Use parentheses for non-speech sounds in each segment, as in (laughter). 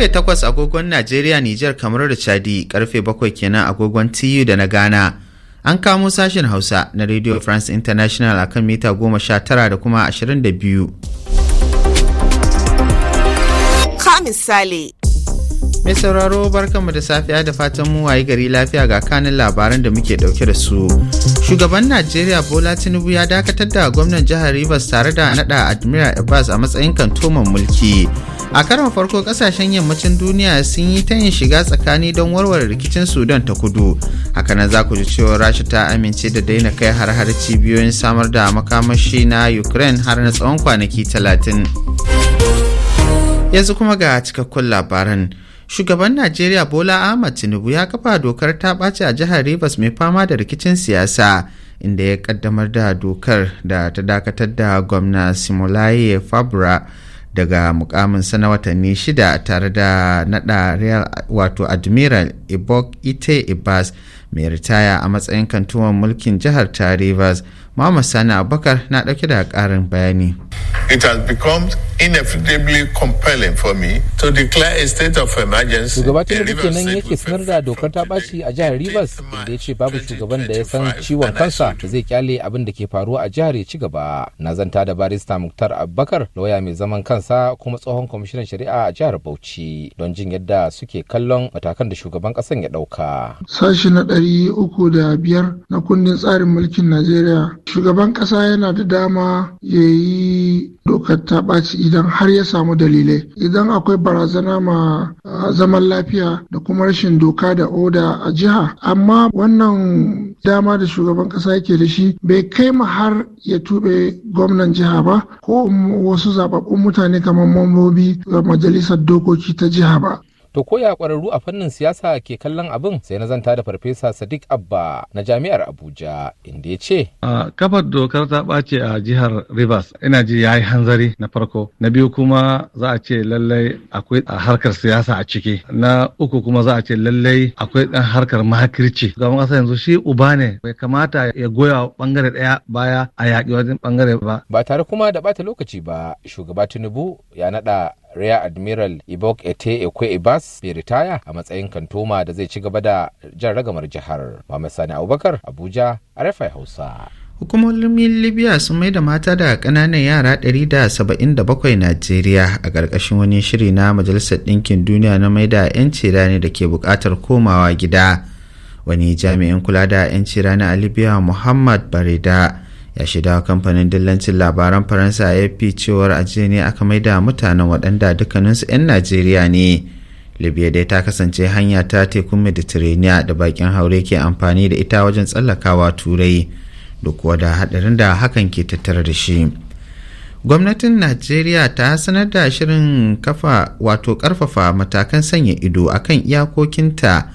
Karfe 8 agogon Najeriya, Nijar, kamar da Chadi, karfe 7 kenan agogon TU da na Ghana. An kamo sashen Hausa na Radio France International a kan mita 19 da kuma 22. Ka misali. Mai sauraro barkanmu da safiya da fatan mu wayi gari lafiya ga kanin labaran da muke dauke da su. Shugaban Najeriya Bola Tinubu ya dakatar da gwamnan jihar Rivers tare da nada Admiral Abbas a matsayin kantoman mulki. A karon farko kasashen yammacin duniya sun yi ta yin shiga tsakani don warware rikicin Sudan ta kudu. Hakanan za ku ji cewa Rasha ta amince da daina kai har-har cibiyoyin samar da makamashi na Ukraine har na tsawon kwanaki talatin. Yanzu kuma ga cikakkun labaran. shugaban najeriya bola ahmad tinubu ya kafa dokar ta ɓaci a jihar rivers mai fama da rikicin siyasa inda ya kaddamar da dokar da ta dakatar da gwamna simulaye fabra daga mukamin sana watanni shida tare da nada real wato admiral ibok ite ibas mai ritaya a matsayin kantuwan mulkin jihar ta rivers Muhammad Sani Abubakar na ɗauke da ƙarin bayani. It has become inevitably compelling for me to declare a state of emergency. Shugaba Tinubu kenan yake sanar da dokar ta ɓaci a jihar Rivers inda ya ce babu shugaban da ya san ciwon kansa da zai kyale abin da ke faruwa a jihar ya ci gaba. Na zanta da barista Muktar Abubakar lauya mai zaman kansa kuma tsohon kwamishinan shari'a a jihar Bauchi don jin yadda suke kallon matakan da shugaban ƙasan ya ɗauka. Sashi na ɗari uku da biyar na kundin tsarin mulkin Najeriya shugaban ƙasa yana da dama ya yi dokar ta ɓaci idan har ya samu dalilai idan akwai barazana ma zaman lafiya da kuma rashin doka da oda a jiha amma wannan dama da shugaban ƙasa yake da shi bai kai ma har ya tuɓe gwamnan jiha ba ko wasu zababbun mutane kamar mambobi ga majalisar dokoki ta jiha ba To ko ya kwararru a fannin siyasa ke kallon abin sai na zanta da farfesa Sadiq Abba na jami'ar Abuja inda ya ce. kafar dokar ta ɓace a jihar Rivers ina ji ya yi hanzari na farko. Na biyu kuma za a ce lallai akwai harkar siyasa a ciki. Na uku kuma za a ce lallai akwai ɗan harkar makirci. Gaban ƙasa yanzu shi uba ne bai kamata ya goya bangare ɗaya baya a yaƙi wajen bangare ba. Ba tare kuma da ɓata lokaci ba shugaba Tinubu ya naɗa Rear Admiral Ibok Ete Ekwe Ibas bai ritaya a matsayin kantoma da zai ci gaba da jan ragamar jihar. Muhammad Sani Abubakar Abuja, rafai Hausa. hukumomin libya sun mai da mata da ƙananan yara 177 najeriya a ƙarƙashin wani shiri na majalisar ɗinkin duniya na mai da 'yanci rani da ke buƙatar komawa gida wani jami'in kula da 'yanci rani a libya muhammad barida ya shaida kamfanin dillancin labaran faransa fi cewar ajiye ne aka maida mutanen waɗanda dukkaninsu 'yan najeriya ne libya dai ta kasance hanya ta tekun mediterranean da bakin haure ke amfani da ita wajen tsallakawa turai duk wada haɗarin da hakan ke tattara da shi gwamnatin najeriya ta sanar da shirin kafa wato karfafa matakan sanya ido akan iyakokinta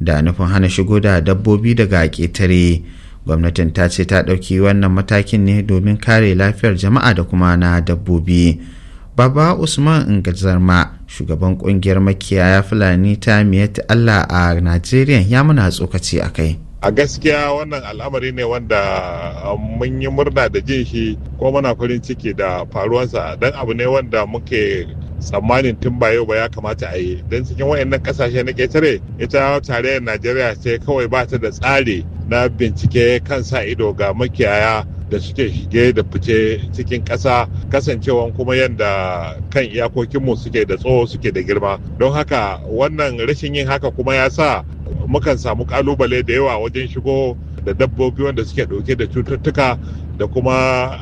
da nufin hana shigo da dabbobi daga ƙetare. gwamnatin ta ce ta ɗauki wannan matakin ne domin kare lafiyar jama'a da kuma na dabbobi baba usman ingazarma shugaban kungiyar makiyaya fulani ta miyati allah a najeriya ya muna tsokaci a kai a gaskiya wannan al'amari ne wanda ah, mun yi murna da jin shi ko muna farin ciki da faruwansa don abu ne wanda muke tsammanin tun ba yau ba ya kamata a yi don cikin wayannan kasashe na ƙetare ita tarayyar najeriya sai kawai ba ta da tsari na bincike kan sa ido ga makiyaya da suke shige da fice cikin ƙasa kasancewa kuma yadda kan iyakokinmu suke da tsoho suke da girma don haka wannan rashin yin haka kuma ya sa mukan samu kalubale da yawa wajen shigo da dabbobi wanda suke ɗauke da cututtuka da kuma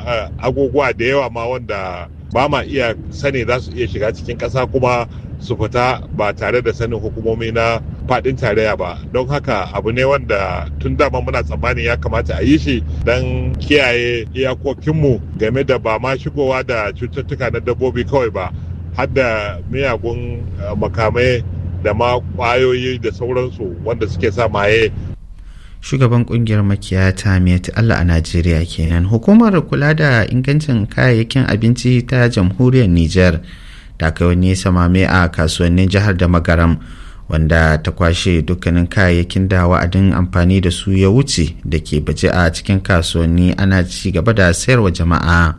eh, agogowa da yawa ma wanda ba ma iya sani za su iya shiga cikin ƙasa kuma su fita ba tare da sanin hukumomi na fadin tarayya ba don haka abu ne wanda tun dama muna tsammanin ya kamata a yi shi don kiyaye iyakokinmu game da ba ma shigowa da cututtuka na dabbobi kawai ba har da miyagun eh, makamai da ma kwayoyi da sauransu wanda suke sa maye shugaban kungiyar makiyata ta Allah a Najeriya kenan hukumar kula da ingancin kayayyakin abinci ta jamhuriyar Nijar ta kai wani samame a kasuwannin jihar da magaram wanda ta kwashe dukkanin kayayyakin da wa'adin amfani da su ya wuce da ke baje a cikin kasuwanni ana ci gaba da sayarwa jama'a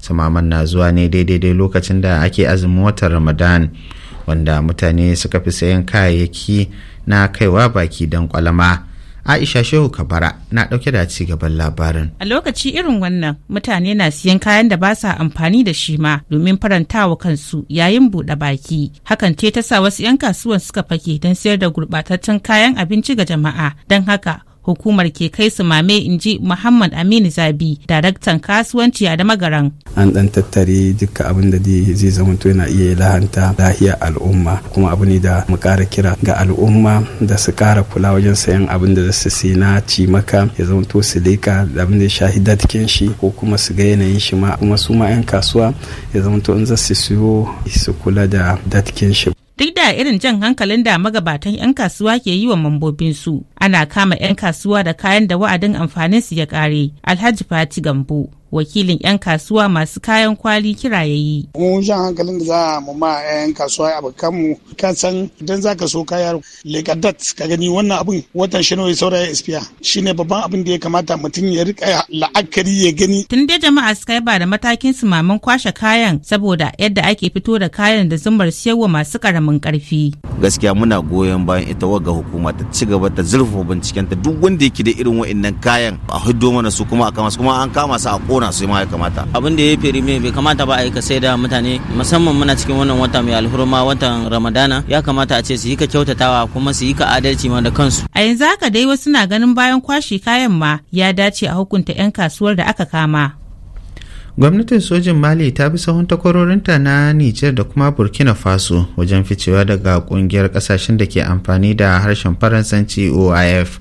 samaman na zuwa ne daidai lokacin da ake azumin watan ramadan wanda mutane suka fi sayan kayayyaki na kaiwa baki don kwalama Aisha Shehu Kabara na ɗauke da ci gaban labarin. A lokaci irin wannan mutane na siyan kayan da ba sa amfani da shi ma domin farantawa kansu yayin buɗe baki. Hakan ce ta sa wasu 'yan kasuwan suka fake don sayar da gurɓataccen kayan abinci ga jama'a. Don haka hukumar ke kai su mame in ji muhammad aminu zabi daraktan kasuwanci a damagaran an dan tattare duka abin da zai zamanto yana iya lahanta lahiya al'umma kuma abu ne da mu kara kira ga al'umma da su kara kula wajen sayan abin da su sai na maka ya zamanto su leka da abin da ya shahi datkin shi ko kuma su ga yanayin shi ma kuma su ma 'yan kasuwa ya zamanto in za su siyo su kula da datkin shi duk da irin jan hankalin da magabatan 'yan kasuwa ke yi wa su ana kama 'yan kasuwa da kayan da wa'adin amfanin su ya kare alhaji fati gambo wakilin 'yan kasuwa masu kayan kwali kira ya yi. Mun shan hankalin da za mu ma 'yan kasuwa a bakanmu ka san idan za ka so kaya lekadat ka gani wannan abin watan shi ne ya espiya shi ne babban abin da ya kamata mutum ya rika la'akari ya gani. Tun dai jama'a suka yaba ba da matakin su maman kwashe kayan saboda yadda ake fito da kayan da zumar siyarwa masu karamin karfi. Gaskiya muna goyon bayan ita waga hukuma ta ci gaba ta zurfa bincikenta duk wanda yake da irin wa'innan kayan a hiddo mana su kuma a kama su kuma an kama su a kona su ma ya kamata abin da ya feri mai bai kamata ba a yi ka sai da mutane musamman muna cikin wannan wata mai alhurma watan ramadana ya kamata a ce su yi ka kyautatawa kuma su yi ka adalci ma da kansu a yanzu haka dai wasu na ganin bayan kwashe kayan ma ya dace a hukunta 'yan kasuwar da aka kama gwamnatin sojin mali ta bi sahun takwarorinta na nijar da kuma burkina faso wajen ficewa daga kungiyar kasashen da ke amfani da harshen faransanci oif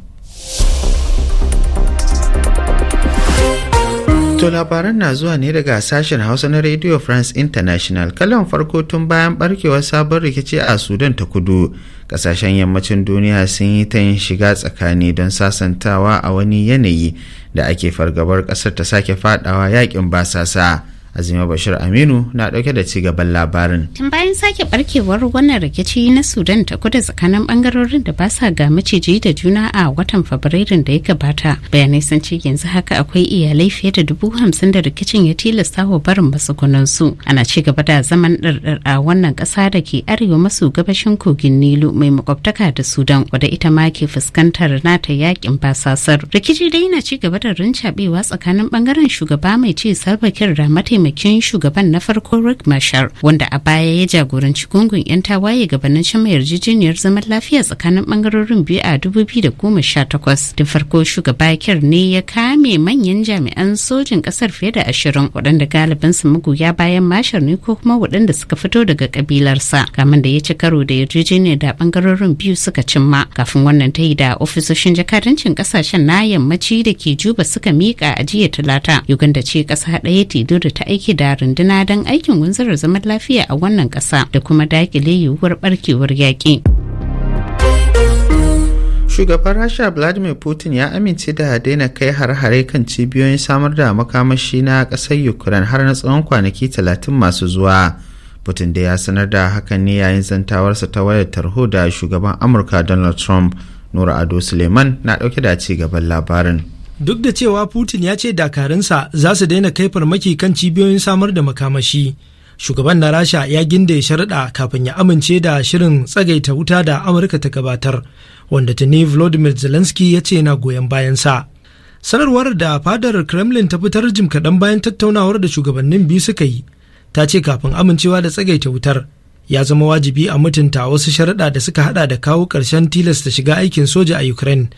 To labaran na zuwa ne daga sashen Hausa na Radio France International kalan farko tun bayan barkewar sabon rikici a Sudan ta kudu. Kasashen yammacin duniya sun yi ta yin shiga tsakani don sasantawa a wani yanayi da ake fargabar ƙasar ta sake fadawa yakin basasa. azima bashir aminu na dauke da ci gaban labarin tun bayan sake barkewar wannan rikici na sudan ta kudu tsakanin bangarorin da ba sa ga maciji da juna a watan fabrairun da ya gabata bayanai sun ce yanzu haka akwai iyalai fiye da dubu hamsin da rikicin ya tilasta wa barin su ana ci gaba da zaman ɗarɗar a wannan ƙasa da ke arewa maso gabashin kogin nilu mai makwabtaka da sudan wadda ita ma ke fuskantar nata yakin basasar rikici dai na ci gaba da rincaɓewa tsakanin bangaren shugaba mai ci salva da mataima. mataimakin shugaban na farko Rick Mashar wanda a baya ya jagoranci gungun 'yan tawaye gabanin cimma yarjejeniyar zaman lafiya tsakanin bangarorin biyu a 2018. Da farko shugaba Kir ne ya kame manyan jami'an sojin kasar fiye da ashirin waɗanda galibin su magoya bayan Mashar ne ko kuma waɗanda suka fito daga kabilarsa. kamar da ya ci karo da yarjejeniyar da bangarorin biyu suka cimma kafin wannan ta yi da ofisoshin jakadancin kasashen na yammaci da ke juba suka miƙa a jiya talata. Uganda ce ƙasa ɗaya tido da ta aiki da runduna don aikin gunzura zaman lafiya a wannan kasa da kuma dakile yiwuwar barkewar yaƙi. shugaban rasha vladimir putin ya amince da daina kai har-hare kan cibiyoyin samar da makamashi na ƙasar ukraine har na tsawon kwanaki talatin masu zuwa putin da ya sanar da hakan ne yayin zantawarsa ta wayar tarho da shugaban amurka donald trump nura ado suleiman na ɗauke da ci gaban labarin duk da cewa putin ya ce dakarunsa za su daina kai farmaki kan cibiyoyin samar da makamashi shugaban na rasha ya ginda ya sharaɗa kafin ya amince da shirin tsagaita wuta da amurka ta gabatar wanda tuni volodymyr zelensky ya ce na goyon bayansa sanarwar da fadar kremlin ta fitar jim kaɗan bayan tattaunawar da shugabannin biyu suka yi ta ce kafin amincewa da tsagaita wutar ya zama wajibi a mutunta wasu sharaɗa da suka haɗa da kawo ƙarshen tilasta shiga aikin soja a ukraine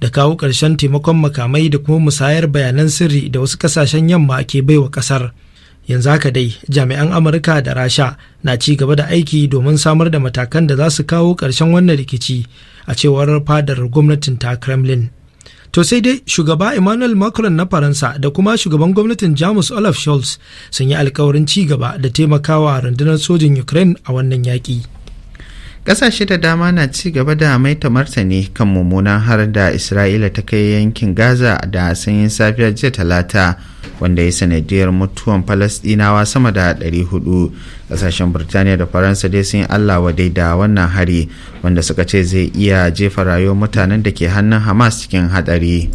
da kawo ƙarshen taimakon makamai da kuma musayar bayanan sirri da wasu ƙasashen yamma ke baiwa ƙasar. Yanzu haka dai jami'an Amurka da Rasha na ci gaba da aiki domin samar da matakan da za su kawo ƙarshen wannan rikici a cewar fadar gwamnatin ta Kremlin. To sai dai shugaba Emmanuel Macron na Faransa da kuma shugaban gwamnatin Jamus Olaf Scholz sun yi alkawarin ci gaba da taimakawa rundunar sojin Ukraine a wannan yaƙi. kasashe da dama na ci gaba da maita martani kan mummunan har da Isra'ila ta kai yankin Gaza da sanyin safiyar jiya talata wanda ya sanadiyar mutuwan Falasɗinawa sama da 400. kasashen Birtaniya da Faransa dai sun Allah wadai da wannan hari wanda suka ce zai iya jefa rayuwar mutanen da ke hannun Hamas cikin hadari.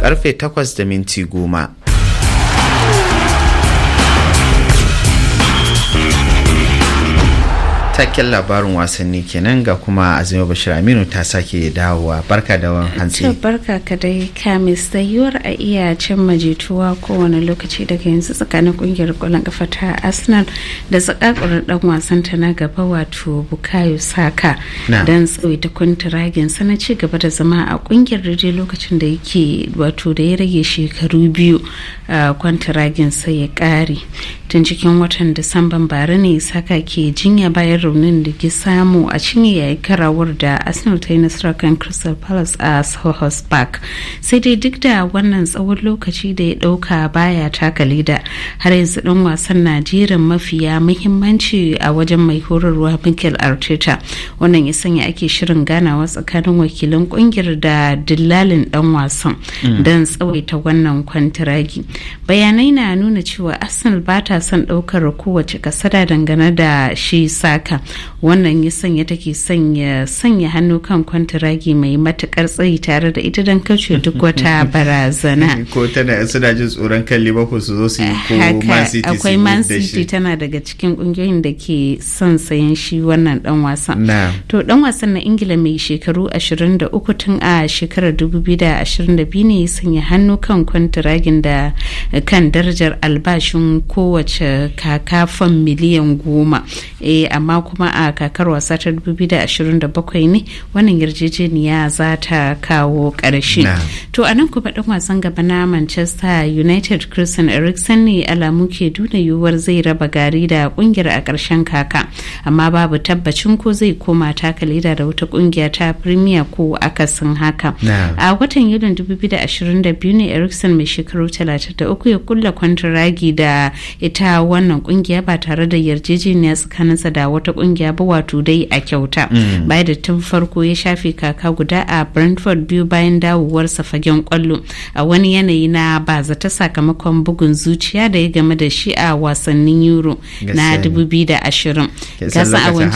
Karfe 8 da minti goma. cikakken labarin wasanni kenan ga kuma azima bashir aminu ta sake dawowa barka da wani hantsi barka ka dai kamis da yiwuwar a iya cin majituwa kowane lokaci daga yanzu tsakanin kungiyar kwallon kafa ta arsenal da tsakakwar dan wasan ta na gaba wato bukayo saka dan tsawaita kwantiragin sana ci gaba da zama a kungiyar daidai lokacin da yake wato da ya rage shekaru biyu kwantiragin sai ya kare tun cikin watan disamban bara ne saka ke jinya bayan raunin da ke samu a cinye yayi karawar da arsenal ta yi nasarar kan crystal palace a sohos park sai dai duk da wannan tsawon lokaci da ya dauka baya taka leda har yanzu dan wasan jerin mafiya muhimmanci a wajen mai horarwa michael arteta wannan ya sanya ake shirin ganawa tsakanin wakilin kungiyar da dillalin dan wasan mm. don tsawaita wannan kwantiragi bayanai na nuna cewa arsenal ba ta son ɗaukar kowace kasada dangane da shi saka wannan ya sanya take sanya sanya hannu kan kwantiragi mai matukar tsayi tare da ita don kace duk wata (laughs) barazana (laughs) ko tana suna jin tsoron kan liverpool su zo su yi ko man city akwai man city tana daga cikin kungiyoyin da ke son sayan shi wannan dan wasan to dan wasan na ingila mai shekaru 23 tun a shekarar 2022 ne ya sanya hannu kan kwantiragin da kan darajar albashin kowace wace kaka miliyan goma e, amma kuma a kakar wasa ta 2027 ne wannan yarjejeniya za ta kawo ƙarshe to a nan kuma ɗan wasan gaba na manchester united christian eriksen ne alamu ke duna yiwuwar zai raba gari da kungiyar a ƙarshen kaka amma babu tabbacin ko zai koma taka leda da wata kungiya ta premier ko akasin haka a watan yulin 2022 ne eriksen mai shekaru 33 ya kulla kwantaragi da ita ita wannan kungiya ba tare da yarjejeniya tsakaninsa da wata kungiya ba wato dai a kyauta mm. bayan da tun farko ya shafe kaka guda a brentford biyu bayan dawowarsa fagen kwallo a wani yanayi na ba ta sakamakon bugun zuciya da ya game da shi a wasannin euro na 2020 gasa a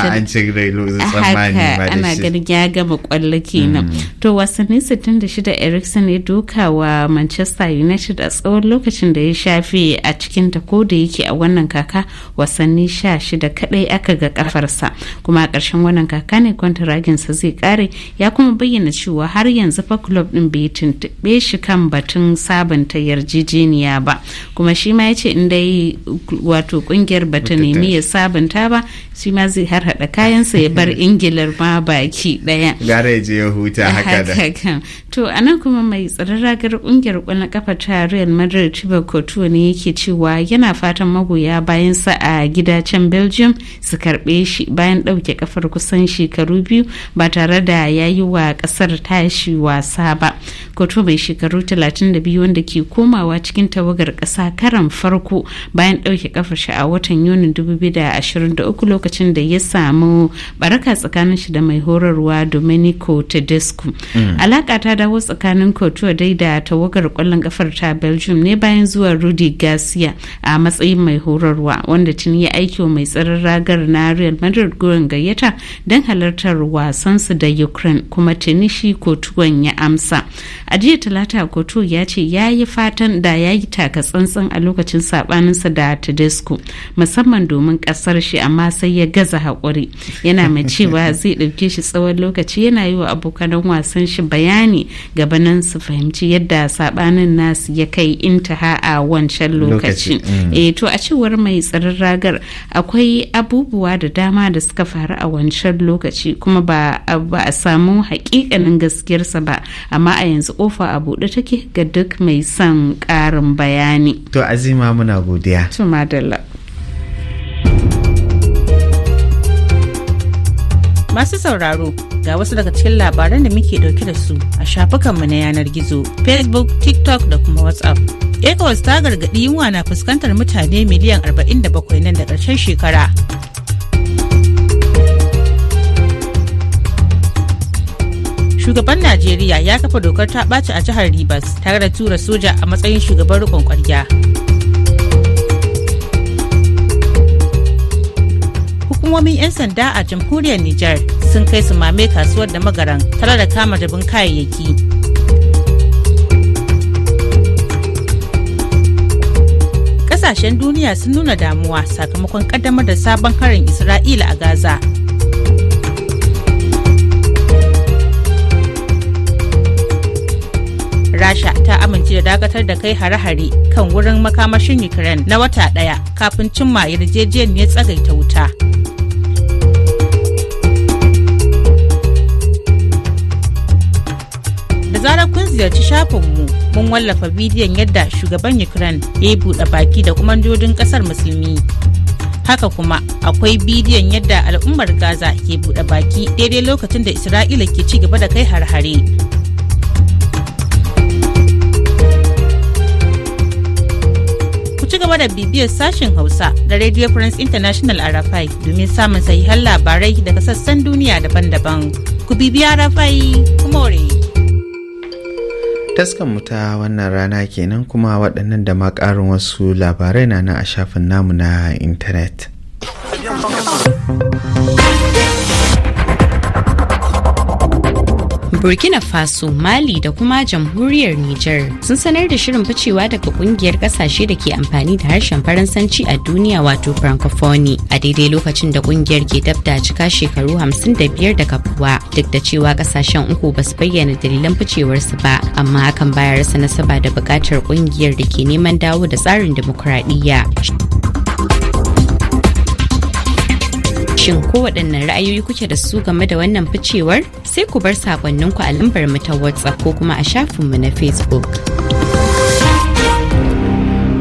ana ganin ya gama kwallo kenan mm. to wasanni 66 ericsson ya duka wa manchester united a tsawon lokacin da ya shafe a cikin ta ko da yake yake a wannan kaka wasanni sha shida kadai aka ga kafarsa kuma a ƙarshen wannan kaka ne raginsa zai kare ya kuma bayyana cewa har yanzu fa club din bai tuntuɓe shi kan batun sabunta yarjejeniya ba kuma shi ma ya ce in dai wato kungiyar bata nemi ya sabunta ba shi ma zai har hada kayansa ya bar ingilar ma baki daya gara ya je ya huta haka da to nan kuma mai tsararragar ragar kungiyar kwallon kafa ta real madrid tiba ne yake cewa yana fata fatan magoya bayan sa a gida can belgium su karbe shi bayan ɗauke kafar kusan shekaru biyu ba tare da ya yi wa ƙasar tashi wasa ba kotu mai shekaru 32 wanda ke komawa cikin tawagar ƙasa karan farko bayan ɗauke kafar shi a watan yunin 2023 lokacin da ya samu baraka tsakanin shi da mai horarwa domenico tedesco mm. alaka ta dawo tsakanin kotu dai da tawagar kwallon kafar ta belgium ne bayan zuwa rudy garcia a matsayin matsayin mai horarwa wanda tun ya aiki mai tsaron ragar na real madrid goyon gayyata don halartar wasansu da ukraine kuma tuni shi kotuwan ya amsa a jiya talata kotu ya ce ya yi fatan da ya yi taka tsantsan a lokacin sabaninsa da tedesco musamman domin kasar shi amma sai ya gaza haƙuri yana mai cewa (laughs) zai ɗauke shi tsawon lokaci yana yi wa abokanan wasan shi bayani gabanin su fahimci yadda sabanin nasu ya kai intaha a wancan lokaci mm. eh, to a cewar mai tsaron ragar akwai abubuwa da dama da suka faru a wancan lokaci kuma ba a samu hakikanin gaskiyarsa ba amma a yanzu kofa a buɗe take ga duk mai son ƙarin bayani to azima muna godiya to madalla Masu sauraro ga wasu daga cikin labaran da muke dauke da su a shafukanmu na yanar gizo, Facebook, TikTok da kuma WhatsApp. ecowas ta gargaɗi yunwa na fuskantar mutane miliyan 47 nan da ƙarshen shekara shugaban najeriya ya kafa dokar ta ɓaci a jihar ribas tare da tura soja a matsayin shugaban rikon ƙwarya. hukumomin 'yan sanda a jamhuriyar Nijar sun kai su mame kasuwar da magaran tare da kama jabin kayayyaki. kasashen duniya sun nuna damuwa sakamakon kaddamar da sabon harin Isra'ila a Gaza. Rasha ta amince da dakatar da kai hare-hare kan wurin makamashin Ukraine na wata ɗaya kafin cimma yarjejeniyar tsagaita wuta. Da zarar kun ziyarci shafinmu mun wallafa bidiyon yadda shugaban ukraine ya yi buɗe baki da kuma kwamandodin ƙasar musulmi haka kuma akwai bidiyon yadda al'ummar gaza ke buɗe baki daidai lokacin da isra'ila ke ci gaba da kai har-hare ku ci gaba da bibiyar sashen hausa da radio france international arafai domin samun sahihan labarai daga sassan duniya daban-daban ku bibiya arafai kuma Taskan ta wannan rana kenan kuma waɗannan da ma ƙarin wasu labarai na nan a shafin namu na intanet. burkina faso mali da kuma jamhuriyar niger sun sanar da shirin ficewa daga kungiyar kasashe da ke amfani da harshen faransanci a duniya wato francophone a daidai lokacin da kungiyar ke dab da cika shekaru 55 da kafuwa duk da cewa kasashen uku ba su bayyana dalilan ficewarsu ba amma hakan baya rasa nasaba da bukatar kungiyar da ke neman dawo da tsarin dimokuraɗiyya. Shin ko waɗannan ra'ayoyi kuke da su game da wannan ficewar? Sai ku bar saƙonninku a lambar mu ta WhatsApp ko kuma a shafinmu na Facebook.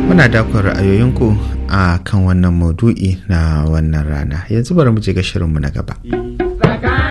Muna dakon ra'ayoyinku a kan wannan maudu'i na wannan rana. Yanzu bari mu je ga shirinmu na gaba.